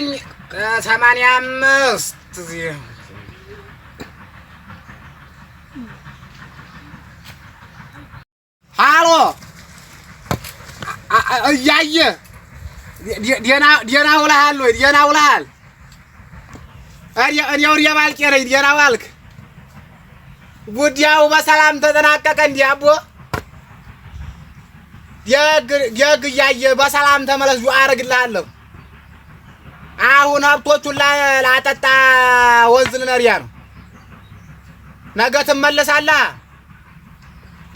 ዘጠኝ ሰማንያ አምስት ሃሎ እያየ ደህና ውለሃል ወይ? ደህና ውለሃል? እኔው የባልቄ ነኝ። ደህና ዋልክ? ጉዳዩ በሰላም ተጠናቀቀ? እንዲህ አቦ ደግ እያየ በሰላም ተመለስ። አደርግልሃለሁ። አሁን ሀብቶቹን ላጠጣ ወንዝ ልነሪያ ነው። ነገ ትመለሳለህ።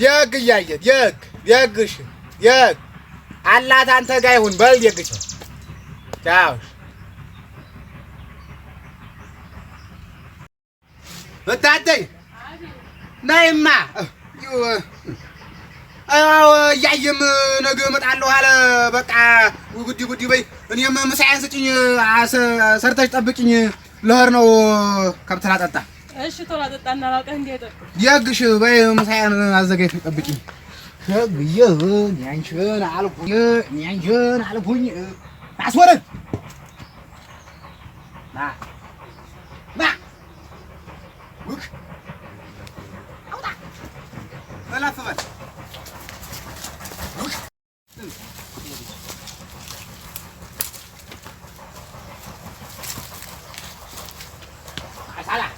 ደግ እያየ ደግ ደግሽ ደግ አላት አንተ ጋ ይሁን በል ደግሽ ቻው ብታደኝ ነይማ እያየም ነገ እመጣለሁ አለ። በቃ ጉዲ ጉዲ በይ። እኔም ምሳዬን ስጭኝ፣ ሰርተሽ ጠብቂኝ። ልሄድ ነው ከብት ላጠጣ። እሺ ቶሎ አጠጣ ላውቀህ እንደ አይጠጣ በይ። ምሳዬን አዘጋጅተሽ ጠብቂኝ። ደግዬ እኔ አልኩኝ፣ እኔ አልኩኝ። አስወረድ አውጣ salah.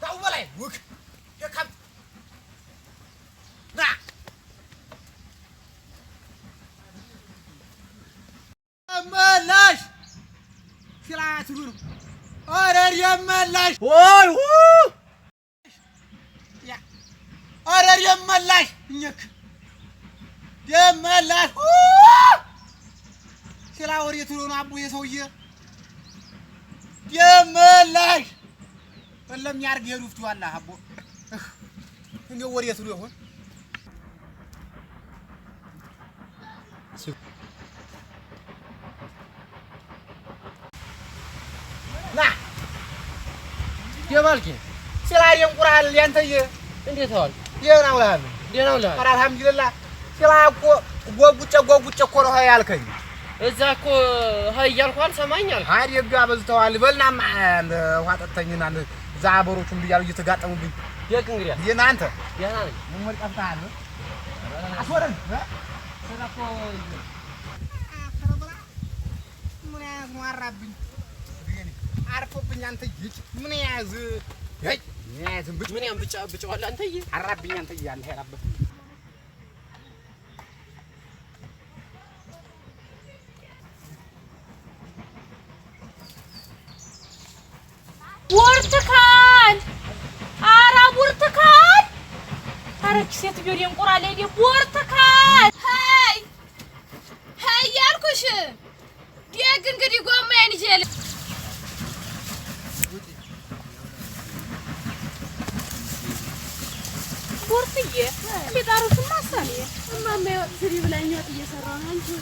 Tahu boleh? Wuk. Ya kam. Nah. Malas. Sila suruh. Orang yang malas. Oh, Ya. Orang yang malas. እኛክ ደም መላሽ ወሬ ትሎን አቡ የሰውዬ ደም መላሽ ያርግ የሉ ፍቷላ አቦ እንዴ ወሬ ትሎ ይሆን ና የባልኪ ስላ የንቁራል ያንተየ እንዴት ዋል ይሄን አውልሃል ደህና ነህ? ኧረ አልሀምድሊላሂ ሲላ እኮ ጓጉጬ ጓጉጬ እኮ ነው ያልከኝ። እዛ እኮ ሀይ እያልኩህ አልሰማኝ አልክ። አደጋ በዝተዋል። በልናማ ውሃ ጠጥተኝና እዛ አበሮቹን ብያሉ እየተጋጠሙብኝ የት እንግዲህ ይህን አንተ አርፎብኝ አንተ ምን ያዝ ምን ያንብጫዋል አንተዬ፣ አራብኝ አንተዬ፣ አንተ ያራበት ሴትዮ ደንቁራ ላይ ቡርትካን፣ ሄይ ሄይ ያልኩሽ ደግ እንግዲህ ጎማ ወርትዬ ቤጣሩት ማሳኔ እማማ ስሪ ብላኝ ወጥ እየሰራሁ ነው። አንቺ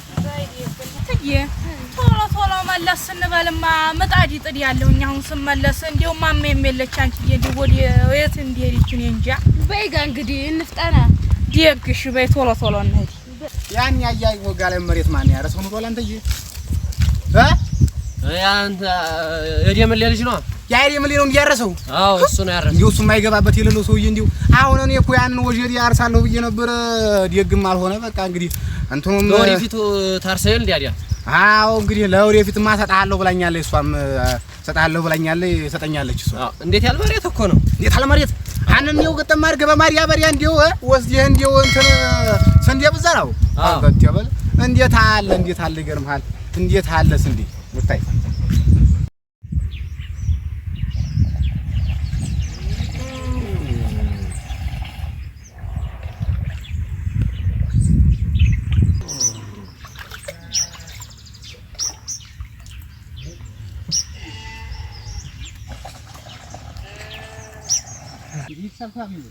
ቶሎ ቶሎ መለስ ስንበልማ ምጣድ ጥድ ያለሁኝ አሁን ስመለስ እንዲያው እማማ የለች። አንቺዬ እንዲያው የት እንዲሄድ ይች እኔ እንጃ። በይ ጋ እንግዲህ እንፍጠና ደግሽ በይ ቶሎ ቶሎ እንሂድ። ያን ያያይ ወጋ ላይ መሬት ማን ያረሰው ነው? አንተዬ እ የደምሌ ልጅ ነው ነው እንዲያረሰው። አዎ እሱ ነው ያረሰው። እንዲሁ የማይገባበት የሌለው ሰውዬ እንዲሁ አሁን እኔ እኮ ያንን ወጀድ ያርሳለሁ ብዬ ነበረ ደግም አልሆነ። በቃ እንግዲህ እንትኑም ለወደፊቱ ታርሰል እንዲያዲያ አዎ እንግዲህ ለወደፊትማ እሰጥሀለሁ ብላኛለች፣ እሷም እሰጥሀለሁ ብላኛለች፣ ሰጠኛለች። እሷ እንዴት ያለ መሬት እኮ ነው! እንዴት ያለ መሬት አንን ነው ገጠማ አድርገህ በማርያ በሪያ እንዲሁ ወስደህ እንዲሁ እንትን ስንዴ ብዘህ ነው። አዎ እንዴት አለ እንዴት አለ ይገርምሃል! እንዴት አለ ስንዴ ಗೊತ್ತಾಯ್ತು ಈ ಸಾಕು ಆಗಿದ್ದು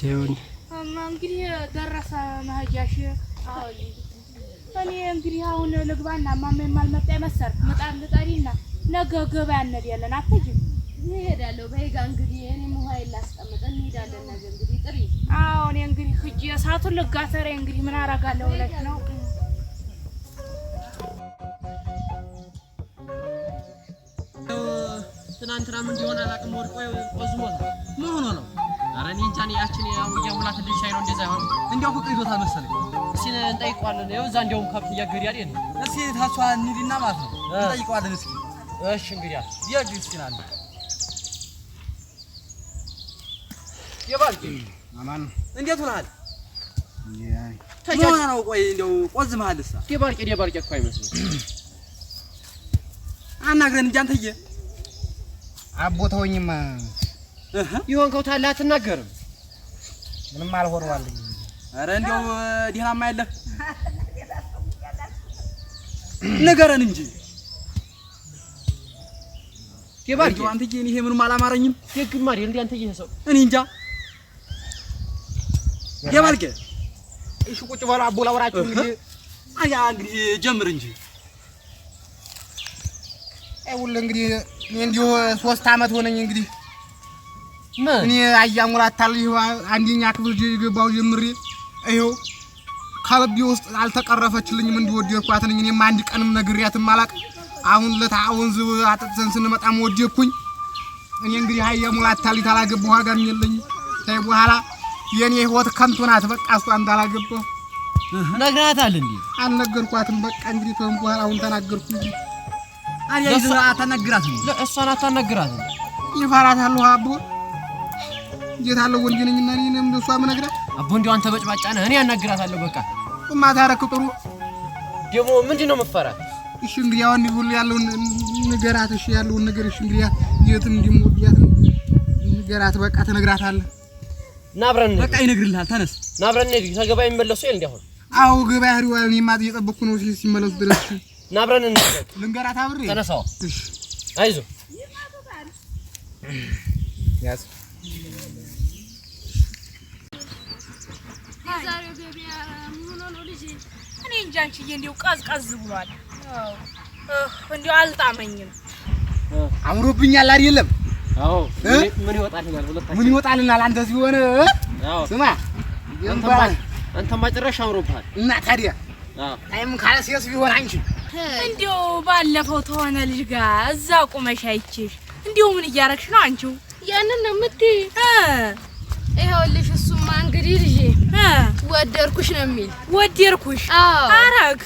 ብቻ ይሆን እንግዲህ ደረሰ መሄጃሽ። እኔ እንግዲህ አሁን ልግባና ማማ የማልመጣ ይመሰል ምጣን ልጠሪና ነገ ገበያ እንሄዳለን። አትሄጂም? እሄዳለሁ። በይጋ እንግዲህ እኔም ውሃ ላስቀምጥ እንሄዳለን። ነገ እንግዲህ ጥሪ። አዎ እኔ እንግዲህ ሂጂ እሳቱን ልጋተሬ እንግዲህ ምን አደርጋለሁ ብለሽ ነው ትናንትና እንዲሆን አላውቅም። ወድቆ ቆዝሞ ነው ምን ነው ኧረ እኔ እንጃ ያችን የሙላት ልጅ ሻይ ነው እንደዛ ይሆን? እንዲያው ፍቅር ይዞታል መሰለኝ። እስኪ እንጠይቀዋለን። ይኸው እዛ እንዲያውም ከብት እያገድ ያለ ነው። እስኪ ታሷ እንሂድና ማለት ነው እንጠይቀዋለን። እስኪ እሺ፣ እንግዲህ የግ እስኪ ናለ የባል ማማን እንዴት ሆነሃል? ሆነ ነው። ቆይ እንዲያው ቆዝመሃልሳ የባርቄ የባርቄ እኮ አይመስልም። አናግረን እንጂ አንተዬ አቦታውኝማ የሆንከው ታላ አትናገርም። ምንም አልሆነዋልኝ። ኧረ እንደው ደህናማ የለም ንገረን እንጂ የባል አንተዬ፣ እኔ ይሄ ምንም አላማረኝም። ደግማ አይደል እንዴ ይሄ ሰው እኔ እንጃ። ከ እሺ፣ ቁጭ በሉ አቦ፣ ላውራችሁ እንግዲህ። አያ እንግዲህ ጀምር እንጂ ሁሉ እንግዲህ እኔ እንዲሁ ሶስት አመት ሆነኝ እንግዲህ እኔ አያሙራታል ይኸው አንደኛ ክፍል ገባሁ ጀምሬ ይኸው ከልቤ ውስጥ አልተቀረፈችልኝም። እንዲወደድኳት ነኝ። እኔም አንድ ቀንም ነግሬያትም አላውቅም። አሁን ለታ ወንዝ አጥጥተን ስንመጣ መወደድኩኝ። እኔ እንግዲህ አያሙራታል ታላገባሁ ሀገር የለኝም። ታይ በኋላ የኔ ህይወት ከንቱ ናት። በቃ እሷ እንዳላገባሁ ነግራታል እንዴ? አልነገርኳትም። በቃ እንግዲህ ተም በኋላ አሁን ተናገርኩ እንጂ አይ ይዘራ ነው ለእሷ ናት። ተነግራትም ይፈራታል አቦ ጌታ አለው እኔ እኔንም እሷ ምነግራት አቦ እንዲያው አንተ በጭባጫ ነህ። እኔ ያናግራታለሁ። በቃ ቁማ ታረክ ጥሩ ደግሞ ምንድን ነው የምፈራት? እሺ እንግዲህ ያው ሁሉ ያለውን ንገራት። እሺ ያለውን ነገር እሺ እንግዲህ የትም እንዲሞት ንገራት። በቃ ተነግራታለህ። ናብረን በቃ ይነግርልሃል። ተነስ ናብረን አብረን እንሂድ። ከገበያ የሚመለሱ የለ እንደ አሁን አዎ ገበያ አለ። እኔማ እየጠበኩ ነው ሲመለሱ ድረስ ናብረን አብረን እንሂድ። ልንገራት አብሬ ተነሳው። እሺ አይዞህ ያዝ የዛሬው ገበያ ምን ሆኖ ልጅ እኔ እንጃ አንቺዬ፣ እንዲያው ቀዝቀዝ ብሏል። እንዲያው አልጣመኝም። አምሮብኛል አይደለም? ምን ይወጣልናል? ምን ይወጣልናል? አንተ ሲሆን ስማ፣ አንተማ ጭራሽ አምሮብሃል። እና ታዲያ አይም ካለሴስ ቢሆን አንቺ እንዲያው ባለፈው ተሆነ ልጅ ጋር እዛ ቁመሽ አይችሽ፣ እንዲያው ምን እያረግሽ ነው አንቺው? ያንን ነው የምትይ? ይኸውልሽ እሱማ እንግዲህ ልጄ ወደርኩሽ ነው የሚል ወደድኩሽ። አረግ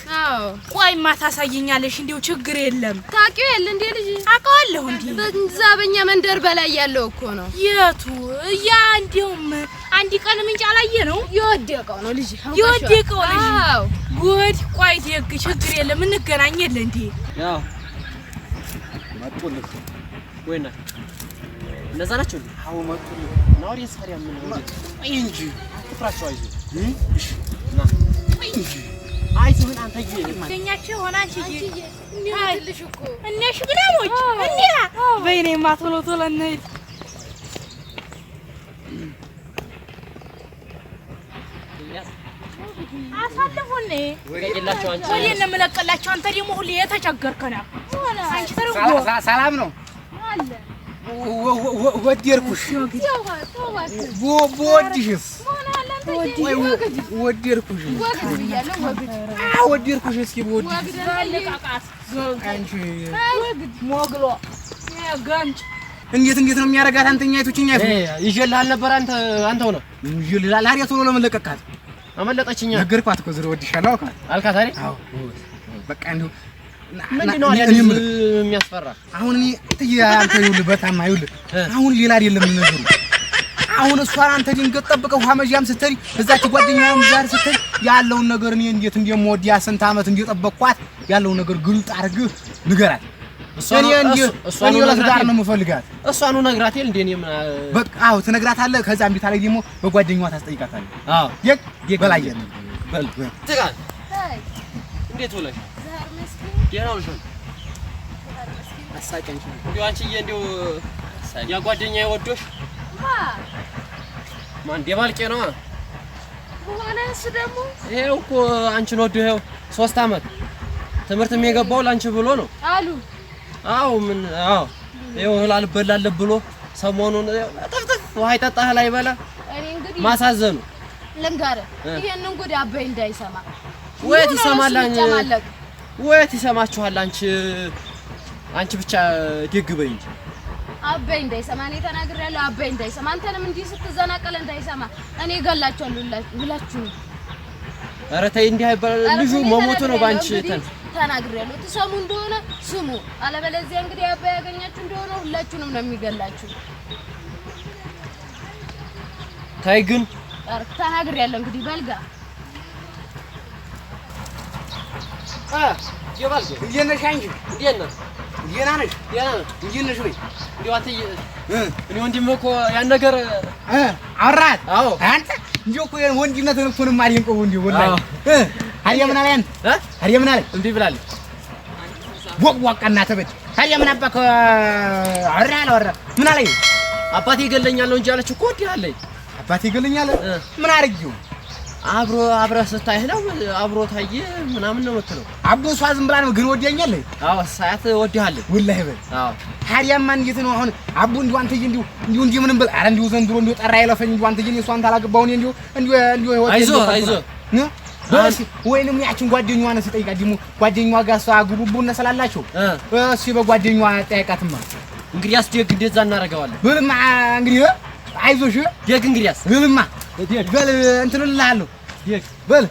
ቆይማ ታሳየኛለሽ። እንዲሁ ችግር የለም። ታውቂው የለ እንዴ ልጅ አውቀዋለሁ። እንዲ በዛ በእኛ መንደር በላይ ያለው እኮ ነው። የቱ ያ? እንዲሁም አንድ ቀን ምንጭ አላየ ነው የወደቀው ነው ልጅ የወደቀው ልጅ። ጉድ ቆይ፣ ደግ ችግር የለም። እንገናኝ የለ እንዴ ያው መጡልህ ወይ እነዛ ናቸው። አዎ መጡልህ ናሪ ሳሪያ ምን እንጂ ትፍራቸው። አይዞህ አይዞህን ቶሎ ቶሎ እንሂድ። አሳልፉን ወዲህ እንምለቅላቸው። አንተ ደግሞ ሁሌ የተቸገርክ ነው። ሰላም ነው። ወደድኩሽ። በወድሽስ ወደድኩሽ ወደድኩሽ። እስኪ ሞግሎ ገንጭ እንዴት እንዴት ነው የሚያደርጋት? አንተኛ አይቶችኛ ይዤልህ አልነበረ? አንተ አንተው ነው ይዤልህ አልሀሪያ ቶሎ ለምን ለቀቃት? አመለጠችኛ ነገርኳት እኮ ዝሮ ወድሻለሁ አልካት አይደል? አዎ በቃ እንደው ምንድን ነው የሚያስፈራ አሁን እኔ ትዬ አንተ ይኸውልህ በታማ ይኸውልህ አሁን ሌላ አይደለም ነገሩ አሁን እሷን አንተ ድንገት ጠብቀህ ውሃ መዣም ስትል እዛች ጓደኛም ዛር ስትል ያለውን ነገር እኔ እንዴት እንደምወዲያ ስንት ዓመት እንደጠበቅኳት ያለውን ነገር ግልጥ አድርግህ ንገራት። እንዴ ነው ነግራት ይል እንዴ ትነግራታለህ። ከዛም ላይ በላየ በል አሳቀንሽ እንዴ ወዶሽ ማን ደባልቄ ነው በኋላ እሱ ደግሞ ይሄው እኮ አንቺን ወዶ ይሄው ሶስት አመት ትምህርት የገባው ላንቺ ብሎ ነው አሉ። አዎ ምን አዎ ይሄው እህል አልበላለሁ ብሎ ሰሞኑን ጥፍጥፍ ውሃ ይጠጣ እህል አይበላ ማሳዘኑ ልንገርህ፣ ይሄን እንግዲህ አባይ እንዳይሰማ። ወይ ትሰማላኝ ወይ ትሰማችኋል። አንቺ አንቺ ብቻ ደግበይ እንጂ አባይ እንዳይሰማ እኔ ተናግሬያለሁ። አባይ እንዳይሰማ አንተንም እንዲህ ስትዘናቀለ እንዳይሰማ እኔ እገላቸዋለሁ ብላችሁ ነው። ኧረ ተይ እንዲህ ልጁ መሞቱ ነው ተናግሬያለሁ። ትሰሙ እንደሆነ ስሙ፣ አለበለዚያ እንግዲህ አባይ ያገኛችሁ እንደሆነ ሁላችሁንም ነው የሚገላችሁ። ተይ ግን ተናግሬያለሁ። እንግዲህ በልጋ እንዴት ደህና ነሽ? እንዴት ነሽ? ወይ እንደው አንተ እኔ ወንድምህ እኮ ያን ነገር አወራህ? አዎ አንተ እንደው እኮ ወንድነትህን እኮ ነው የማደንቀው። እንደው ወላሂ ታዲያ ምን አለኝ? ታዲያ ምን አለኝ? እምቢ ብላለች። ወቅ ወቅ እናተ ቤት ታዲያ ምን አባክ አወራህ? አላወራህ? ምን አለኝ? አባቴ ይገለኛል ነው እንጂ አለች እኮ ወዲህ አለኝ። አባቴ ይገለኛል ምን አድርጌው አብሮ አብረ ስታይህ ነው አብሮ ታየ ምናምን ነው የምትለው። አቦ እሷ ዝም ብላ ነው ግን ወዲያኛል። አዎ ሳያት ወዲያለህ ወላሂ በል። አዎ ታዲያ ማን እንዴት ነው አሁን? አቦ እንዲሁ አንተዬ እንዲሁ እንዲሁ እንዲሁ ምንም በል። ኧረ እንዲሁ ዘንድሮ እንዲሁ ጠራ ይለፈኝ እንዲሁ አንተዬ እኔ እሷን ታላገባው እንዲሁ እንዲሁ እንዲሁ ህይወት አይዞ አይዞ ነው በስ ወይንም ያችን ጓደኛዋ ነው ሲጠይቃት ደግሞ ጓደኛዋ ጋር እሷ ጉቡቡ እና ስላላቸው እሺ በጓደኛዋ ጠይቃትማ። እንግዲያስ ደግ እንደዛ እናደርገዋለን ብልማ እንግዲህ አይዞሽ ደግ እንግዲያስ ብልማ በል እንትን እልልሃለሁ። በል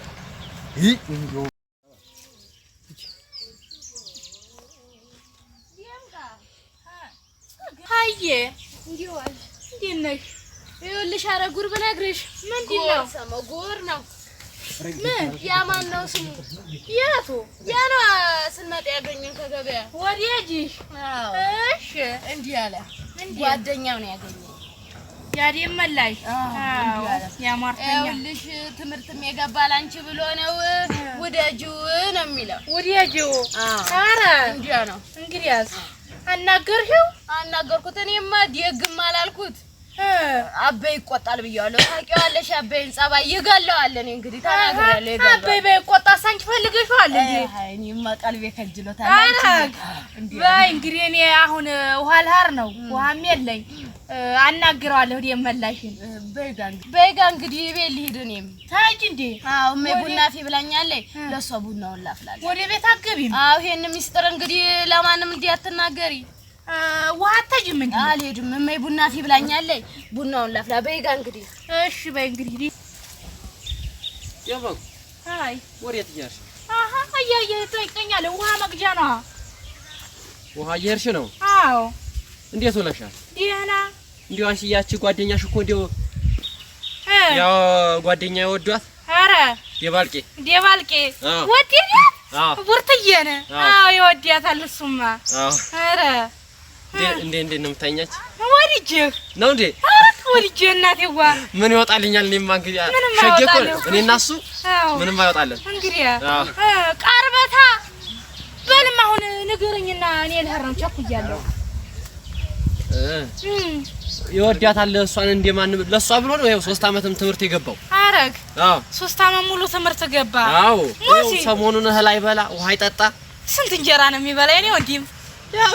ሀዬ እንዴት ነሽ? ይኸውልሽ ኧረ ጉር ብነግርሽ ምንድን ነው? ጉር ነው። ምን ያ ማነው ስሙ? የቱ ያ ነው? ስንመጣ ያገኘን ከገበያ ወዲያ እሺ እንዲህ አለ። ጓደኛው ነው ያገኘን ያደመላሽ ያሟርተኛልሽ ትምህርትም የገባ ላንቺ ብሎ ነው። ውደጂው ነው የሚለው ውደጂው። ኧረ እንዲያ ነው እንግዲያስ። አናገርሽው? አናገርኩት። እኔማ ደግም አላልኩት። አበይ ይቆጣል ብያለሁ። ታውቂዋለሽ አበይን ፀባይ ይገለዋል። እኔ እንግዲህ ተናግሬያለሁ። አበይ በይቆጣ ሳንቺ ፈልገሽዋል እንዴ? እኔማ ቀልቤ ከጅሎታል። በይ እንግዲህ እኔ አሁን ውሃ ልሀር ነው ውሃም የለኝ አናግረዋለሁ። ዲ መላሽን በይጋ እንግዲህ ቤት ልሂድ እኔም ታጅ እንዴ አዎ፣ እሜ ቡና ፊ ብላኛለች። ለእሷ ቡናውን ላፍላለሁ። ወደ ቤት አትገቢም? አዎ፣ ይሄን ሚስጥር እንግዲህ ለማንም እንዲህ አትናገሪ። ዋታጅ ምን እንዴ? አልሄድም። እሜ ቡና ፊ ብላኛለች። ቡናውን ላፍላ። በይጋ እንግዲህ እሺ፣ በይ እንግዲህ የበኩ አይ፣ ወዴት እያልሽ? አሀ እያየህ ትጠይቀኛለህ። ውሃ መቅጃ ነው። ውሃ እየሄድሽ ነው? አዎ። እንዴት ውለሻል? ደህና እንዲያው አሽያች ጓደኛሽ እኮ እንዲያው ያው ጓደኛ የወዷት ኧረ ደባልቄ ደባልቄ ወዴዳት ቡርትዬን አዎ የወዲያታል እሱማ ኧረ እንዴ እንዴ ነው የምታኛች ወድጄህ ነው እንዴ ወድጄህ እናቴዋ ምን ይወጣልኛል እኔማ እንግዲህ ሸጌ እኮ እኔ እና እሱ ምንም አይወጣለን እንግዲህ ቀርበታ በልም አሁን ንገረኝና እኔ ልሄድ ነው ቸኩያለሁ ይወዳታል እሷን እንደማን ለእሷ ብሎ ነው ይኸው ሶስት አመትም ትምህርት የገባው አረግ አዎ ሶስት አመት ሙሉ ትምህርት ገባ አዎ ሰሞኑን እህል አይበላ ውሃ አይጠጣ ስንት እንጀራ ነው የሚበላ የኔ ወንድም ያው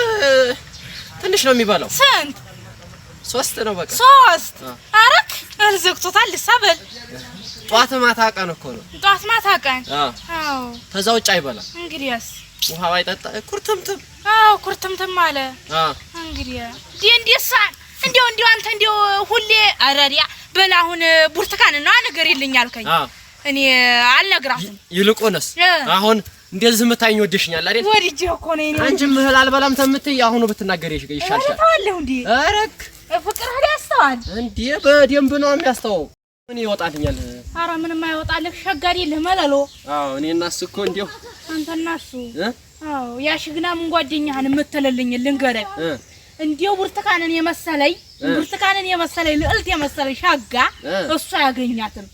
ትንሽ ነው የሚበላው ስንት ሶስት ነው በቃ ሶስት አረግ እህል ዘግቶታል ልሳበል ጧት ማታ ቀን እኮ ነው ጧት ማታ ቀን አዎ ተዛ ውጭ አይበላ እንግዲያስ ውሃ አይጠጣ ኩርትምትም አዎ ኩርትምትም አለ አዎ እንግዲህ እንዴሳ እንዲያው እንዲያው አንተ እንዲያው ሁሌ አረሪያ በል አሁን ብርቱካን እና ነገር የለኝ አልከኝ። እኔ አልነግራትም። ይልቁንስ አሁን እንደዚህ ምታኝ ወደሽኛል አይደል? ወድጄ እኮ ነው። አንቺም እህል አልበላም ተምትይ አሁኑ ብትናገር ይሻልሻል። ታውቃለህ እንዴ? አረክ ፍቅር ሁሉ ያስተዋል እንዴ? በደንብ ነው የሚያስተዋው። ምን ይወጣልኛል? ኧረ ምንም አይወጣልህ። ሸጋሪ ለመለሎ አዎ፣ እኔ እና እኮ እንዴው አንተ እና አዎ፣ ያ ሽግና ምን ጓደኛህን የምትልልኝ ልንገረኝ እንዲው ብርቱካንን የመሰለኝ ብርቱካንን የመሰለኝ ልዕልት የመሰለኝ ሻጋ እሱ አያገኛትም።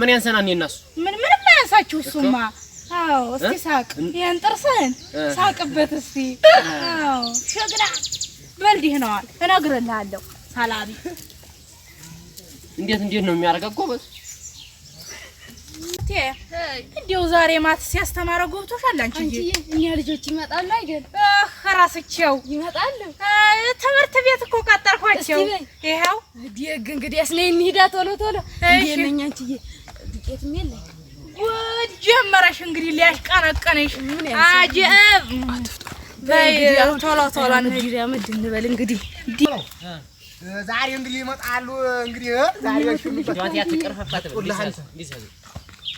ምን ያንሰና እኔ እና እሱ ምን ምንም አያንሳችሁ። እሱማ አዎ፣ እስቲ ሳቅ፣ ይሄን ጥርስህን ሳቅበት እስቲ። አዎ ሸግና በልዲህ ነዋል፣ እነግርልሃለሁ። ሰላቢ እንዴት እንዴት ነው የሚያደርገው ጎበዝ እቴ እንዲያው ዛሬ ማት ሲያስተማረው ገብቶሻል አንቺ እኛ ልጆች ይመጣሉ አይደል? እራስቸው ይመጣሉ። ትምህርት ቤት እኮ ቀጠርኳቸው። ይኸው ቢግ እንግዲህ ነይ እንሂዳ ቶሎ ቶሎ። እንዴት ነኝ አንቺዬ? ዱቄትም የለኝ ወድ ጀመረሽ እንግዲህ ሊያሽቀነቀነሽ አጀብ። ቶሎ ቶሎ እንሂዳ ምድ እንበል እንግዲህ ዛሬ እንግዲህ ይመጣሉ እንግዲህ ዛሬ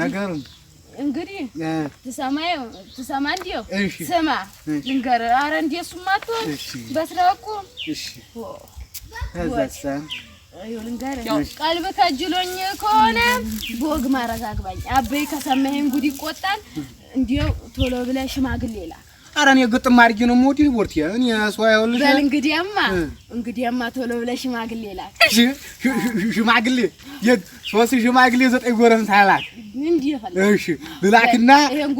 ነገሩን እንግዲህ ትሰማየው ትሰማ እንዲው ስማ ልንገርህ። ኧረ እንደ እሱማ አትሆን በስራው እኮ ቀልብ ከጅሎኝ ከሆነ በወግ ማረግ አበይ ከሰማኸኝ ጉድ ይቆጣል። እንዲው ቶሎ ብለህ ሽማግሌ ላ ኧረ እኔ ግጥም አድርጊ ነው የምወድህ ቦርቴ። እኔ ሰው አይሆንልሽ። በል እንግዲያማ እንግዲያማ ቶሎ ብለህ ሽማግሌ ላክ። ሽማግሌ ሦስት ሽማግሌ ዘጠኝ ጎረምሳ ላክ። እሺ ልላክና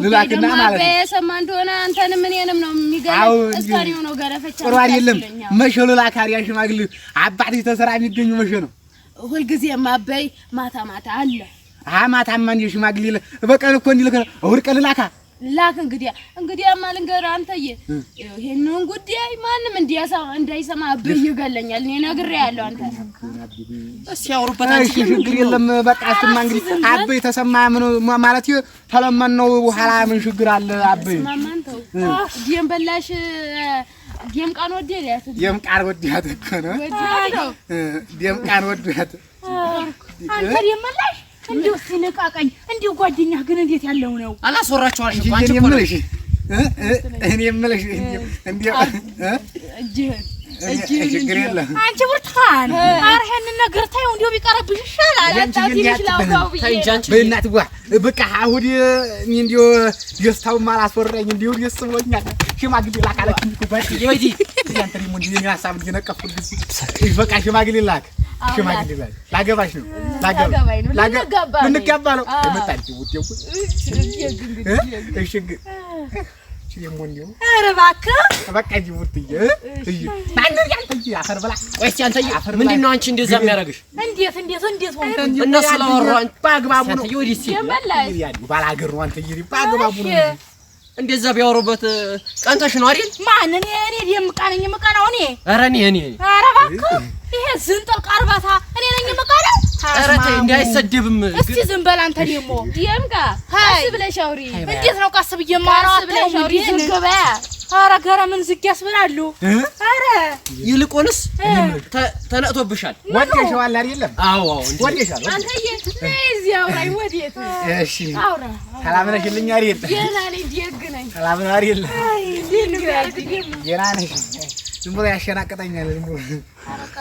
ልላክና ማለት ነው። የሰማ እንደሆነ አንተንም እኔንም ነው የሚገርም። እስካሪው ነው ገረፈች። ጥሩ አይደለም። መቼ ልላክ አሪያ ሽማግሌ አባት ተሰራ የሚገኙ መቼ ነው? ሁልጊዜማ በይ ማታ ማታ አለ። አሀ ማታማ እንደ ሽማግሌ በቀን እኮ እንዲልከ እሑድ ቀን ልላካ ላክ እንግዲያ እንግዲያማ ልንገርህ አንተዬ፣ ይሄንን ጉዳይ ማንም እንዳይሰማ አብይ ይገለኛል። እኔ ነግሬሃለሁ። አንተ እስኪ አውሩበት። እሺ ችግር የለም በቃ እሱማ እንግዲህ አብይ ተሰማ ምን ማለት ተለመን ነው። ኋላ ምን ችግር አለ? አብይ ደም በላሽ ደም ቃን ወዲያት ደም ቃን ወዲያት እኮ ነው። ደም ቃን ወዲያት አንተ ደም በላሽ እንዲሁ ሲንቃቀኝ እንዲሁ ጓደኛ ግን እንዴት ያለው ነው? አላስወራቸዋል እንጂ እኔ አንቺ ብርቱካን፣ ኧረ ይሄንን ነገር ተይው፣ እንዲሁ ቢቀርብሽ ይሻላል። በእናትህ በቃ አሁን እንዲሁ ደስታውም አላስወራኝ እንዲሁ ደስ ብሎኛል። ሽማግሌ ላክ አለችኝ እኮ በቃ ሽማግሌ ላክ ሽማግሌ ላገባሽ ነው ልንጋባ ነው የመጣልሽ ውጤው ምንድን ነው አንቺ እንደዚያ የሚያደርግሽ? እነሱ ለወሯን በአግባቡ ነው ባላገር ነው አንተ በአግባቡ ነው እንደዛ ቢያወሩበት ቀንተሽ ነው አይደል? ማንን እኔ እኔ የምቀነኝ የምቀናው እኔ ኧረ እኔ እኔ ኧረ እባክህ ይሄ ዝንጥል ቀርባታ እኔ ነኝ የምቀረው። ኧረ ተይ እንዳይሰደብም። እስቲ ዝም በል አንተ። ደግሞ የም ጋር ቀስ ብለሽ አውሪ። እንዴት ነው ቀስ ብዬ የማወራው? አታይም እንደ ዝም ገበያ። ኧረ ገረምን ዝግ ያስብላሉ። ኧረ ይልቁንስ ተነቅቶብሻል። ወዴሻዋል አይደለም? አዎ አዎ፣ ወዴሻል። አንተዬ ነይ እዚህ አውራኝ። ወዴት? እሺ አውራ። ተላምነሽልኝ አይደል? ደህና ነኝ። ደግ ነኝ። ተላምነው አይደል? አይ ደግ ነኝ። ደህና ነሽ። ዝም ብሎ ያሸናቅጠኛል። ዝም ብሎ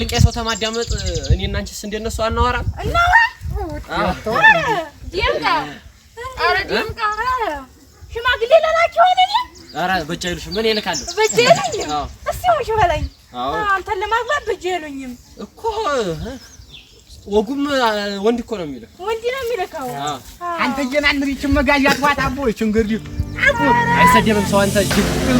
ልቄ ሰው ተማዳመጥ እኔ እና አንቺስ እንደ እነሱ አናወራም። ሽማግሌ ልላኪ ኧረ በእጅ አይሉሽም። እኔ እልካለሁ በእጅ አይሉኝም። እስኪ ሆንሽ በለኝ አንተን ለማግባት አይሉኝም እኮ ወጉም ወንድ እኮ ነው የሚልህ፣ ወንድ ነው የሚልከው። አንተ የናንሪ መጋዣ አቦ አይሰደብም ሰው አንተ ጅብ